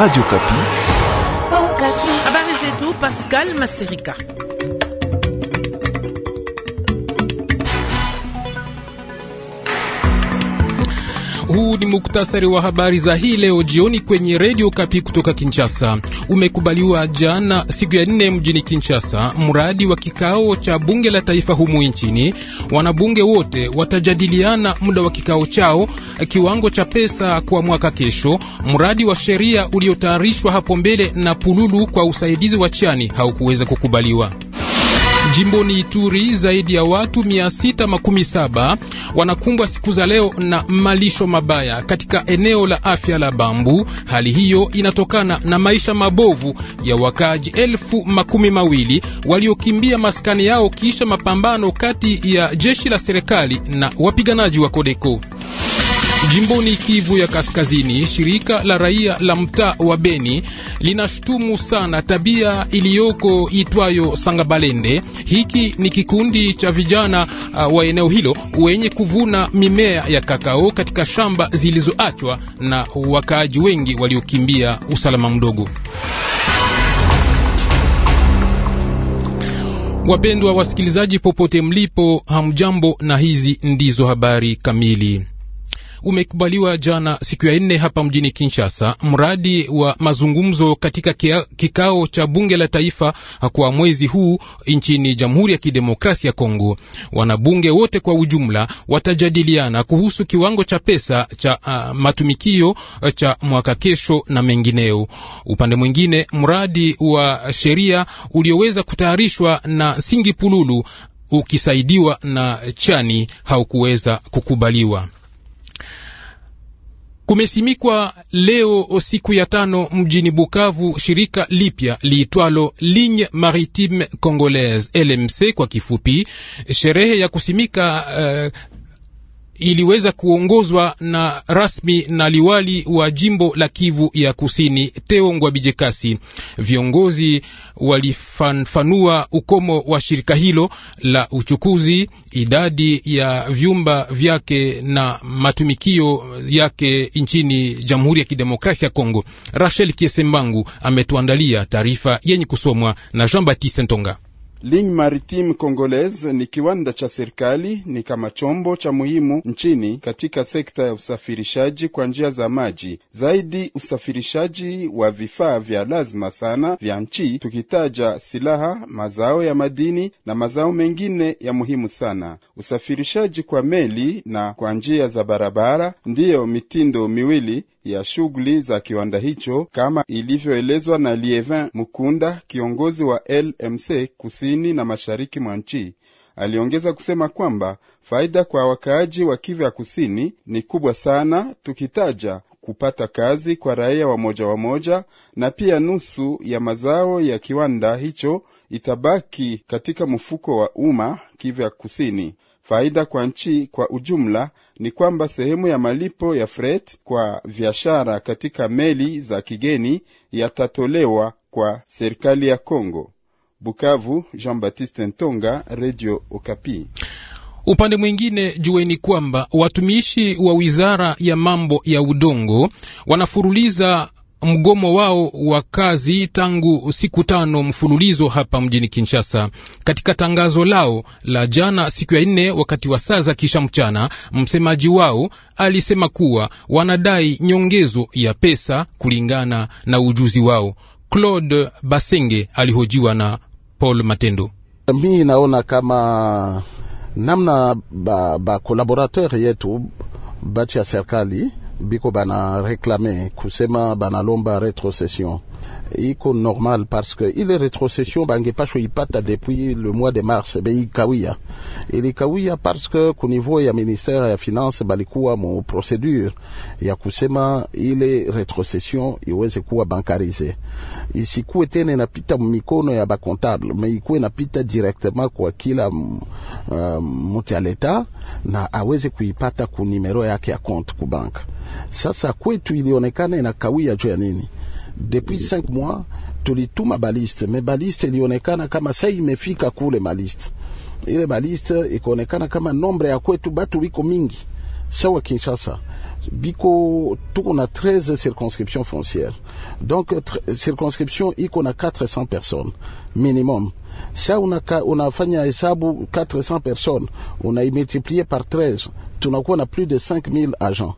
Radio Kapi. Habari zetu Pascal Masirika. Huu ni muktasari wa habari za hii leo jioni kwenye Radio Kapi kutoka Kinshasa umekubaliwa jana siku ya nne mjini Kinshasa, mradi wa kikao cha bunge la taifa humu nchini. Wanabunge wote watajadiliana muda wa kikao chao kiwango cha pesa kwa mwaka kesho. Mradi wa sheria uliotayarishwa hapo mbele na Pululu kwa usaidizi wa Chani haukuweza kukubaliwa. Jimboni Ituri zaidi ya watu 617 wanakumbwa siku za leo na malisho mabaya katika eneo la afya la Bambu. Hali hiyo inatokana na maisha mabovu ya wakaaji elfu makumi mawili waliokimbia maskani yao kisha mapambano kati ya jeshi la serikali na wapiganaji wa Kodeko. Jimboni Kivu ya Kaskazini, shirika la raia la mtaa wa Beni linashutumu sana tabia iliyoko itwayo Sangabalende. Hiki ni kikundi cha vijana uh, wa eneo hilo wenye kuvuna mimea ya kakao katika shamba zilizoachwa na wakaaji wengi waliokimbia usalama mdogo. Wapendwa wasikilizaji, popote mlipo, hamjambo, na hizi ndizo habari kamili umekubaliwa jana siku ya nne hapa mjini Kinshasa, mradi wa mazungumzo katika kia, kikao cha bunge la taifa kwa mwezi huu nchini Jamhuri ya Kidemokrasia ya Kongo. Wanabunge wote kwa ujumla watajadiliana kuhusu kiwango cha pesa cha uh, matumikio uh, cha mwaka kesho na mengineo. Upande mwingine, mradi wa sheria ulioweza kutayarishwa na Singi Pululu ukisaidiwa na Chani haukuweza kukubaliwa. Kumesimikwa leo siku ya tano mjini Bukavu shirika lipya liitwalo Ligne Maritime Congolaise LMC kwa kifupi. Sherehe ya kusimika uh, iliweza kuongozwa na rasmi na liwali wa jimbo la Kivu ya Kusini Teo Ngwabijekasi. Viongozi walifanua ukomo wa shirika hilo la uchukuzi, idadi ya vyumba vyake na matumikio yake nchini Jamhuri ya Kidemokrasia ya Kongo. Rachel Kiesembangu ametuandalia taarifa yenye kusomwa na Jean Baptiste Ntonga. Ligne Maritime Congolaise ni kiwanda cha serikali, ni kama chombo cha muhimu nchini katika sekta ya usafirishaji kwa njia za maji, zaidi usafirishaji wa vifaa vya lazima sana vya nchi, tukitaja silaha, mazao ya madini na mazao mengine ya muhimu sana. Usafirishaji kwa meli na kwa njia za barabara ndiyo mitindo miwili ya shughuli za kiwanda hicho kama ilivyoelezwa na Lievin Mukunda, kiongozi wa LMC kusini na mashariki mwa nchi. Aliongeza kusema kwamba faida kwa wakaaji wa Kivu ya kusini ni kubwa sana, tukitaja kupata kazi kwa raia wa moja wa moja, na pia nusu ya mazao ya kiwanda hicho itabaki katika mfuko wa umma Kivu ya kusini. Faida kwa nchi kwa ujumla ni kwamba sehemu ya malipo ya fret kwa biashara katika meli za kigeni yatatolewa kwa serikali ya Congo. Bukavu, Jean-Baptiste Ntonga, Radio Okapi. Upande mwingine jueni kwamba watumishi wa wizara ya mambo ya udongo wanafuruliza mgomo wao wa kazi tangu siku tano mfululizo hapa mjini Kinshasa. Katika tangazo lao la jana siku ya nne, wakati wa saa za kisha mchana, msemaji wao alisema kuwa wanadai nyongezo ya pesa kulingana na ujuzi wao. Claude Basenge alihojiwa na Paul Matendo. Mi naona kama namna ba, ba kolaborateur yetu bati ya serikali biko bana reklame kusema banalomba retrocession iko normal parce que ile retrocession bangepashwa ipata depuis le mois de mars beikawia ilikawia parce que ku niveau ya ministère ya finance balikuwa mu procedure ya kusema ile retrocession iweze kuwa bankarize, isikuwe tena inapita mikono ya bakontable, me ikuwe inapita directement kwa kila mutu mm, euh, ya leta na aweze kuipata ku numero yake ya compte ku banka. Sasa kwetu ilionekana inakawia juu ya nini? depuis cinq mois tulituma baliste me baliste ilionekana kama sai imefika kule maliste ile baliste ikaonekana kama nombre ya kwetu batu biko mingi sawa Kinshasa biko tuko na 13 circonscriptions foncières donc circonscription iko na 400 personnes minimum sa on a hesabu 400 personnes unaimultiplier par 13 tunakuwa na plus de 5000 agents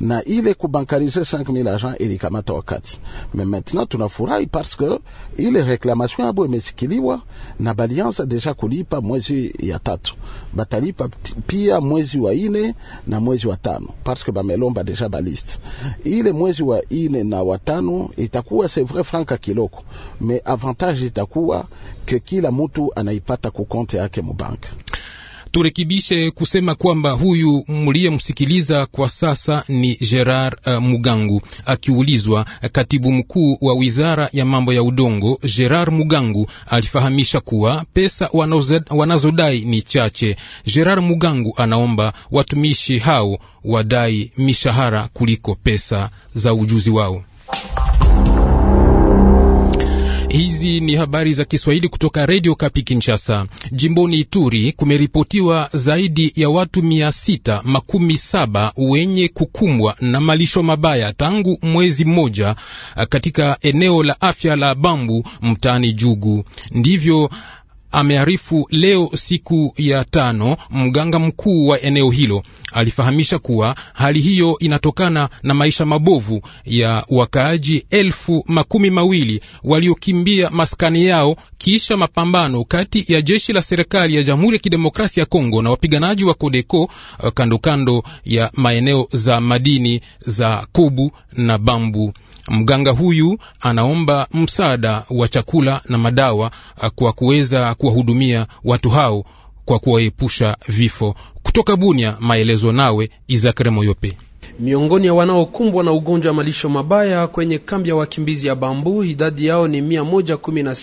na ile kubankarize 5000 agents ilikamata wakati me maintenant, tunafurahi parce que ile reclamation yabo imesikiliwa na balianza deja kulipa mwezi ya tatu, batalipa pia mwezi wa ine na mwezi wa tano parce que bamelomba deja baliste ile mwezi wa ine na wa tano. Itakuwa c'est vrai franka kiloko me avantage itakuwa ke kila mutu anaipata ku compte yake mu bank turekebishe kusema kwamba huyu mliyemsikiliza kwa sasa ni Gerard uh, Mugangu. Akiulizwa, uh, katibu mkuu wa wizara ya mambo ya udongo Gerard Mugangu alifahamisha kuwa pesa wanazodai ni chache. Gerard Mugangu anaomba watumishi hao wadai mishahara kuliko pesa za ujuzi wao. Hizi ni habari za Kiswahili kutoka redio Kapi Kinshasa. Jimboni Ituri kumeripotiwa zaidi ya watu mia sita makumi saba wenye kukumbwa na malisho mabaya tangu mwezi mmoja katika eneo la afya la Bambu mtaani Jugu. Ndivyo amearifu leo siku ya tano. Mganga mkuu wa eneo hilo alifahamisha kuwa hali hiyo inatokana na maisha mabovu ya wakaaji elfu makumi mawili waliokimbia maskani yao kisha mapambano kati ya jeshi la serikali ya Jamhuri ya Kidemokrasia ya Kongo na wapiganaji wa Kodeko eh, kandokando ya maeneo za madini za Kubu na Bambu. Mganga huyu anaomba msaada wa chakula na madawa uh, kwa kuweza kuwahudumia watu hao kwa kuwaepusha vifo. Kutoka Bunia, maelezo nawe Izakre Moyope. Miongoni ya wanaokumbwa na ugonjwa wa malisho mabaya kwenye kambi ya wakimbizi ya Bambu, idadi yao ni mia moja kumi na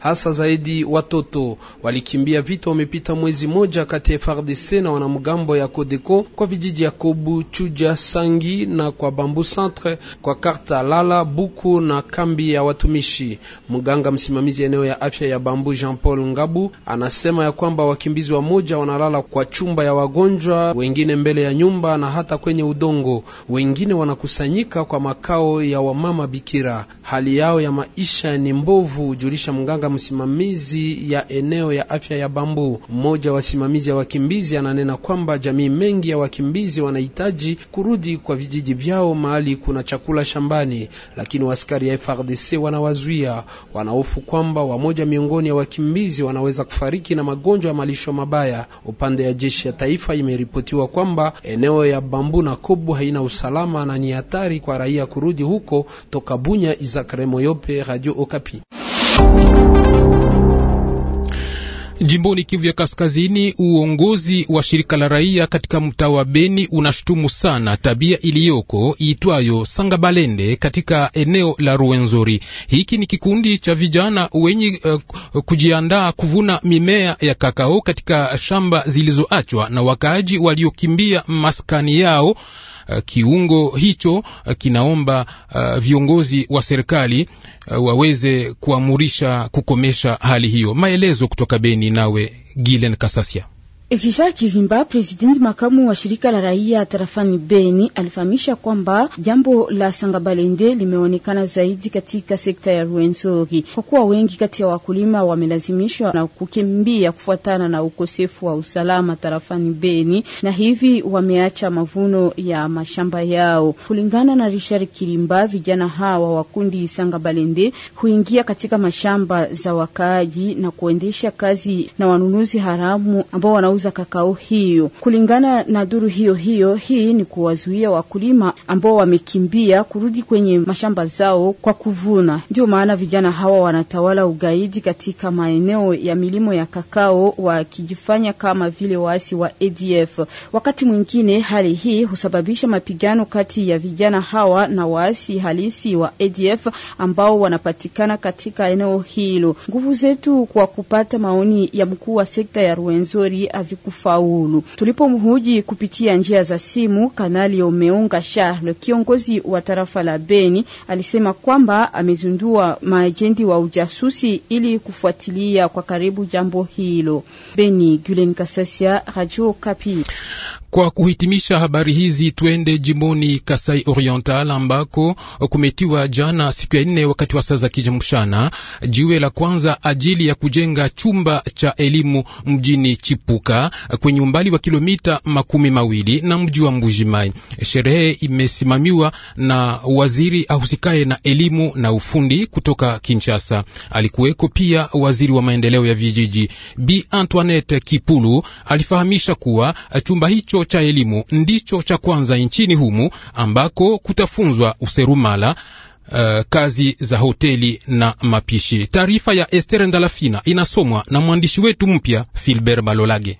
hasa zaidi watoto walikimbia vita. Wamepita mwezi moja kati ya FARDC na wanamgambo ya Kodeko kwa vijiji ya Kobu, Chuja, Sangi na kwa Bambu Centre kwa karta Lala, Buku na kambi ya watumishi. Mganga msimamizi eneo ya afya ya Bambu Jean Paul Ngabu anasema ya kwamba wakimbizi wa moja wanalala kwa chumba ya wagonjwa, wengine mbele ya nyumba na hata kwenye udongo udongo. wengine wanakusanyika kwa makao ya wamama bikira. Hali yao ya maisha ni mbovu, hujulisha mganga msimamizi ya eneo ya afya ya Bambu. Mmoja wa wasimamizi ya wakimbizi ananena kwamba jamii mengi ya wakimbizi wanahitaji kurudi kwa vijiji vyao mahali kuna chakula shambani, lakini waskari ya frdc wanawazuia. Wanahofu kwamba wamoja miongoni ya wakimbizi wanaweza kufariki na magonjwa ya malisho mabaya. Upande ya jeshi ya taifa imeripotiwa kwamba eneo ya Bambu na Kobo Bubu haina usalama na ni hatari kwa raia kurudi huko. Toka Bunya, Izakare Moyope, Radio Okapi. Jimboni Kivu ya Kaskazini, uongozi wa shirika la raia katika mtaa wa Beni unashutumu sana tabia iliyoko iitwayo Sangabalende katika eneo la Ruwenzori. Hiki ni kikundi cha vijana wenye uh, kujiandaa kuvuna mimea ya kakao katika shamba zilizoachwa na wakaaji waliokimbia maskani yao Eh, kiungo hicho eh, kinaomba eh, viongozi wa serikali waweze kuamurisha kukomesha hali hiyo. Maelezo kutoka Beni nawe Gilen Kasasia. Richard Kivimba, presidenti makamu wa shirika la raia tarafani Beni, alifahamisha kwamba jambo la sangabalende limeonekana zaidi katika sekta ya Ruenzori kwa kuwa wengi kati ya wakulima wamelazimishwa na kukimbia kufuatana na ukosefu wa usalama tarafani Beni, na hivi wameacha mavuno ya mashamba yao. Kulingana na Richard kirimba vijana hawa wa kundi sangabalende huingia katika mashamba za wakaaji na kuendesha kazi na wanunuzi haramu ambao wanauza kuuza kakao hiyo. Kulingana na duru hiyo hiyo, hii ni kuwazuia wakulima ambao wamekimbia kurudi kwenye mashamba zao kwa kuvuna. Ndio maana vijana hawa wanatawala ugaidi katika maeneo ya milimo ya kakao, wakijifanya kama vile waasi wa ADF. Wakati mwingine hali hii husababisha mapigano kati ya vijana hawa na waasi halisi wa ADF ambao wanapatikana katika eneo hilo. Nguvu zetu kwa kupata maoni ya mkuu wa sekta ya Ruwenzori kufaulu Tulipomhoji kupitia njia za simu, Kanali Omeunga Charles, kiongozi wa tarafa la Beni, alisema kwamba amezindua maajendi wa ujasusi ili kufuatilia kwa karibu jambo hilo. Beni, Gulen Kasasia, Radio Kapi. Kwa kuhitimisha habari hizi, twende jimboni Kasai Oriental ambako kumetiwa jana siku ya nne wakati wa saa za kijamshana jiwe la kwanza ajili ya kujenga chumba cha elimu mjini Chipuka kwenye umbali wa kilomita makumi mawili na mji wa Mbujimai. Sherehe imesimamiwa na waziri ahusikaye na elimu na ufundi kutoka Kinshasa. Alikuweko pia waziri wa maendeleo ya vijiji Bi Antoinette Kipulu, alifahamisha kuwa chumba hicho cha elimu ndicho cha kwanza nchini humu ambako kutafunzwa userumala Uh, kazi za hoteli na mapishi. Taarifa ya Esther Ndalafina inasomwa na mwandishi wetu mpya Filbert Balolage.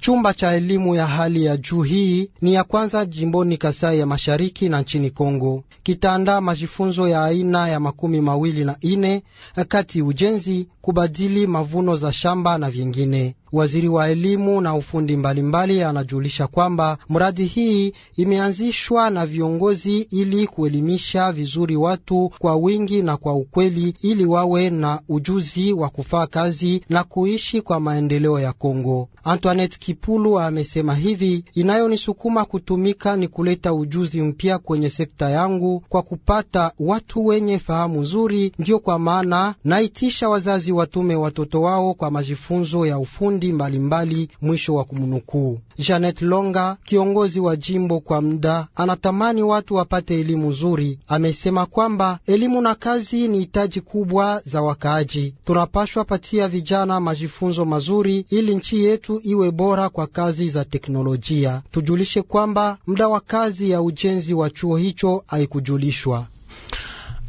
Chumba cha elimu ya hali ya juu hii ni ya kwanza jimboni Kasai ya Mashariki na nchini Kongo. Kitaandaa majifunzo ya aina ya makumi mawili na ine kati ujenzi, kubadili mavuno za shamba na vingine. Waziri wa elimu na ufundi mbalimbali anajulisha kwamba mradi hii imeanzishwa na viongozi ili kuelimisha vizuri watu kwa wingi na kwa ukweli, ili wawe na ujuzi wa kufaa kazi na kuishi kwa maendeleo ya Kongo. Antoinette Kipulu amesema hivi: inayonisukuma kutumika ni kuleta ujuzi mpya kwenye sekta yangu kwa kupata watu wenye fahamu nzuri. Ndiyo kwa maana naitisha wazazi wazazi watume watoto wao kwa majifunzo ya ufundi mbalimbali mbali, mwisho wa kumunukuu Janet Longa, kiongozi wa jimbo kwa muda, anatamani watu wapate elimu nzuri. Amesema kwamba elimu na kazi ni hitaji kubwa za wakaaji. Tunapashwa patia vijana majifunzo mazuri ili nchi yetu iwe bora kwa kazi za teknolojia. Tujulishe kwamba muda wa kazi ya ujenzi wa chuo hicho haikujulishwa.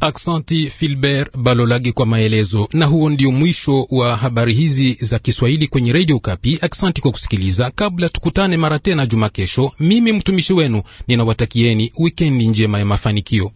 Aksanti Filbert Balolage kwa maelezo. Na huo ndio mwisho wa habari hizi za Kiswahili kwenye redio Kapi. Aksanti kwa kusikiliza. Kabla tukutane mara tena juma kesho, mimi mtumishi wenu ninawatakieni wikendi njema ya mafanikio.